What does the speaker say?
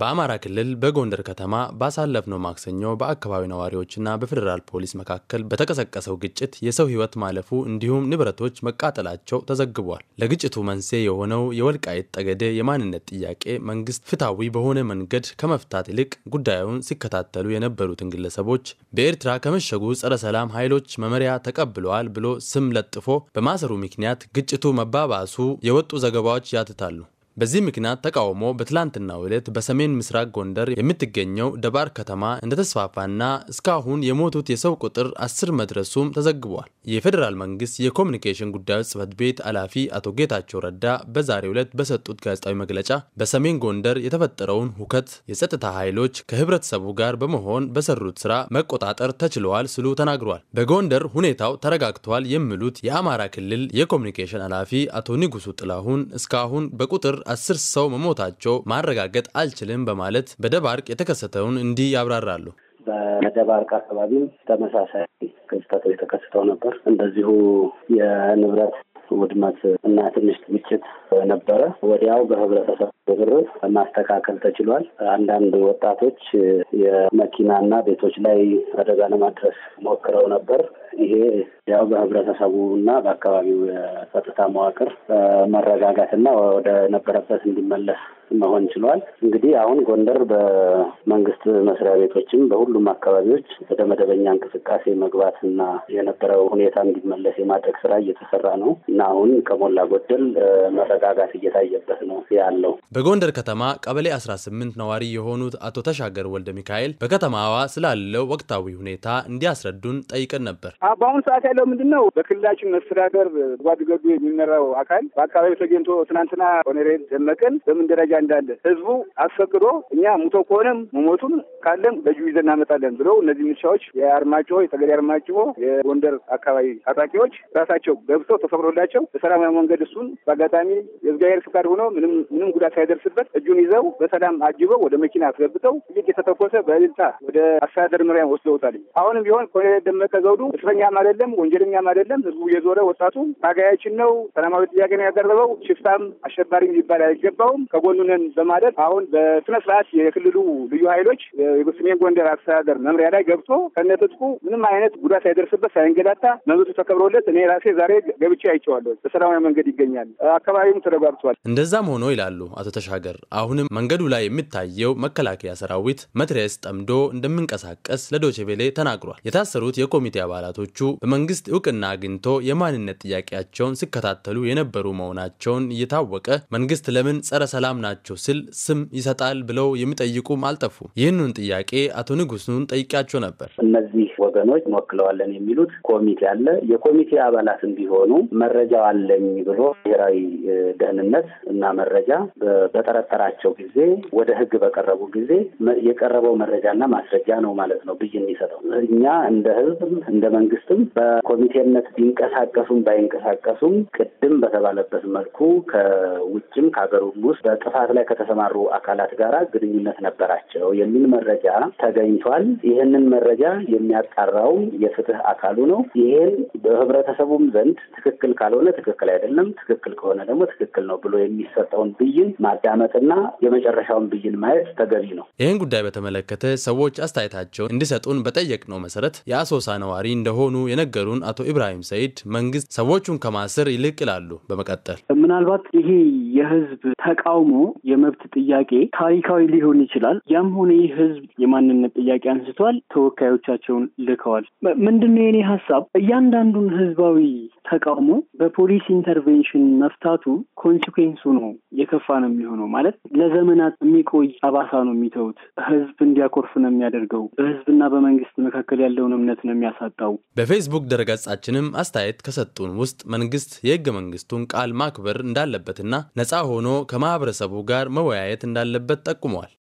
በአማራ ክልል በጎንደር ከተማ ባሳለፍነው ማክሰኞ በአካባቢው ነዋሪዎችና በፌዴራል ፖሊስ መካከል በተቀሰቀሰው ግጭት የሰው ሕይወት ማለፉ እንዲሁም ንብረቶች መቃጠላቸው ተዘግቧል። ለግጭቱ መንስኤ የሆነው የወልቃይት ጠገዴ የማንነት ጥያቄ መንግስት ፍትሐዊ በሆነ መንገድ ከመፍታት ይልቅ ጉዳዩን ሲከታተሉ የነበሩትን ግለሰቦች በኤርትራ ከመሸጉ ጸረ ሰላም ኃይሎች መመሪያ ተቀብለዋል ብሎ ስም ለጥፎ በማሰሩ ምክንያት ግጭቱ መባባሱ የወጡ ዘገባዎች ያትታሉ። በዚህ ምክንያት ተቃውሞ በትላንትናው ዕለት በሰሜን ምስራቅ ጎንደር የምትገኘው ደባር ከተማ እንደተስፋፋና እስካሁን የሞቱት የሰው ቁጥር አስር መድረሱም ተዘግቧል። የፌዴራል መንግስት የኮሚኒኬሽን ጉዳዮች ጽህፈት ቤት ኃላፊ አቶ ጌታቸው ረዳ በዛሬው ዕለት በሰጡት ጋዜጣዊ መግለጫ በሰሜን ጎንደር የተፈጠረውን ሁከት የጸጥታ ኃይሎች ከህብረተሰቡ ጋር በመሆን በሰሩት ስራ መቆጣጠር ተችለዋል ሲሉ ተናግሯል። በጎንደር ሁኔታው ተረጋግቷል የሚሉት የአማራ ክልል የኮሚኒኬሽን ኃላፊ አቶ ንጉሱ ጥላሁን እስካሁን በቁጥር አስር ሰው መሞታቸው ማረጋገጥ አልችልም በማለት በደባርቅ የተከሰተውን እንዲህ ያብራራሉ። በደባርቅ አካባቢም ተመሳሳይ ክስተቶች ተከስተው ነበር። እንደዚሁ የንብረት ውድመት እና ትንሽ ግጭት ነበረ። ወዲያው በህብረተሰብ ብር ማስተካከል ተችሏል። አንዳንድ ወጣቶች የመኪናና ቤቶች ላይ አደጋ ለማድረስ ሞክረው ነበር። ይሄ ያው በህብረተሰቡ እና በአካባቢው የጸጥታ መዋቅር መረጋጋትና ወደ ነበረበት እንዲመለስ መሆን ችሏል። እንግዲህ አሁን ጎንደር በመንግስት መስሪያ ቤቶችም በሁሉም አካባቢዎች ወደ መደበኛ እንቅስቃሴ መግባት እና የነበረው ሁኔታ እንዲመለስ የማድረግ ስራ እየተሰራ ነው እና አሁን ከሞላ ጎደል መረጋጋት እየታየበት ነው ያለው። በጎንደር ከተማ ቀበሌ አስራ ስምንት ነዋሪ የሆኑት አቶ ተሻገር ወልደ ሚካኤል በከተማዋ ስላለው ወቅታዊ ሁኔታ እንዲያስረዱን ጠይቀን ነበር። በአሁኑ ሰዓት ያለው ምንድን ነው? በክልላችን መስተዳደር ጓድገዱ የሚመራው አካል በአካባቢው ተገኝቶ ትናንትና ኦነሬል ደመቀን በምን ደረጃ እንዳለ ህዝቡ አስፈቅዶ እኛ ሙቶ ከሆነም መሞቱም ካለን ለዩ ይዘን እናመጣለን ብለው እነዚህ ሚሊሻዎች የአርማጭሆ የጠገዴ አርማጭሆ የጎንደር አካባቢ ታጣቂዎች ራሳቸው ገብተው ተፈቅዶላቸው በሰላማዊ መንገድ እሱን በአጋጣሚ የእግዚአብሔር ፍቃድ ሆኖ ምንም ጉዳት ሳይደርስበት እጁን ይዘው በሰላም አጅበው ወደ መኪና አስገብተው ጥይት የተተኮሰ በእልልታ ወደ አስተዳደር መምሪያ ወስደውታል። አሁንም ቢሆን ኮሎኔል ደመቀ ዘውዱ እስረኛም አይደለም፣ ወንጀለኛም አይደለም። ህዝቡ እየዞረ ወጣቱ ታጋያችን ነው፣ ሰላማዊ ጥያቄ ነው ያቀረበው፣ ሽፍታም አሸባሪም ሊባል አይገባውም፣ ከጎኑ በማለት አሁን በስነ ስርዓት የክልሉ ልዩ ኃይሎች የሰሜን ጎንደር አስተዳደር መምሪያ ላይ ገብቶ ከነትጥቁ ምንም አይነት ጉዳት ሳይደርስበት ሳይንገዳታ መብቱ ተከብሮለት እኔ ራሴ ዛሬ ገብቼ አይቼዋለሁ። በሰላማዊ መንገድ ይገኛል። አካባቢውም ተረጋግቷል። እንደዛም ሆኖ ይላሉ አቶ ተሻገር፣ አሁንም መንገዱ ላይ የሚታየው መከላከያ ሰራዊት መትረየስ ጠምዶ እንደሚንቀሳቀስ ለዶቼቬሌ ተናግሯል። የታሰሩት የኮሚቴ አባላቶቹ በመንግስት እውቅና አግኝቶ የማንነት ጥያቄያቸውን ሲከታተሉ የነበሩ መሆናቸውን እየታወቀ መንግስት ለምን ጸረ ሰላም ናቸው ስል ስም ይሰጣል ብለው የሚጠይቁም አልጠፉም። ይህንን ጥያቄ አቶ ንጉሱን ጠይቃቸው ነበር። እነዚህ ወገኖች እንወክለዋለን የሚሉት ኮሚቴ አለ። የኮሚቴ አባላትም ቢሆኑ መረጃው አለኝ ብሎ ብሔራዊ ደህንነት እና መረጃ በጠረጠራቸው ጊዜ ወደ ህግ በቀረቡ ጊዜ የቀረበው መረጃና ማስረጃ ነው ማለት ነው ብይን የሚሰጠው። እኛ እንደ ህዝብ እንደ መንግስትም በኮሚቴነት ቢንቀሳቀሱም ባይንቀሳቀሱም ቅድም በተባለበት መልኩ ከውጭም ከሀገሩም ውስጥ በጥፋት ላይ ከተሰማሩ አካላት ጋራ ግንኙነት ነበራቸው የሚል መረ መረጃ ተገኝቷል። ይህንን መረጃ የሚያጣራው የፍትህ አካሉ ነው። ይህን በህብረተሰቡም ዘንድ ትክክል ካልሆነ ትክክል አይደለም፣ ትክክል ከሆነ ደግሞ ትክክል ነው ብሎ የሚሰጠውን ብይን ማዳመጥና የመጨረሻውን ብይን ማየት ተገቢ ነው። ይህን ጉዳይ በተመለከተ ሰዎች አስተያየታቸውን እንዲሰጡን በጠየቅነው መሰረት የአሶሳ ነዋሪ እንደሆኑ የነገሩን አቶ ኢብራሂም ሰይድ መንግስት ሰዎቹን ከማስር ይልቅ ይላሉ። በመቀጠል ምናልባት ይሄ የህዝብ ተቃውሞ የመብት ጥያቄ ታሪካዊ ሊሆን ይችላል። ያም ሆነ ይህ ህዝብ ህዝብ የማንነት ጥያቄ አንስተዋል። ተወካዮቻቸውን ልከዋል። ምንድነው የኔ ሀሳብ? እያንዳንዱን ህዝባዊ ተቃውሞ በፖሊስ ኢንተርቬንሽን መፍታቱ ኮንሲኩዌንሱ ነው የከፋ ነው የሚሆነው። ማለት ለዘመናት የሚቆይ አባሳ ነው የሚተውት። ህዝብ እንዲያኮርፍ ነው የሚያደርገው። በህዝብና በመንግስት መካከል ያለውን እምነት ነው የሚያሳጣው። በፌስቡክ ድረገጻችንም አስተያየት ከሰጡን ውስጥ መንግስት የህገ መንግስቱን ቃል ማክበር እንዳለበትና ነፃ ሆኖ ከማህበረሰቡ ጋር መወያየት እንዳለበት ጠቁመዋል።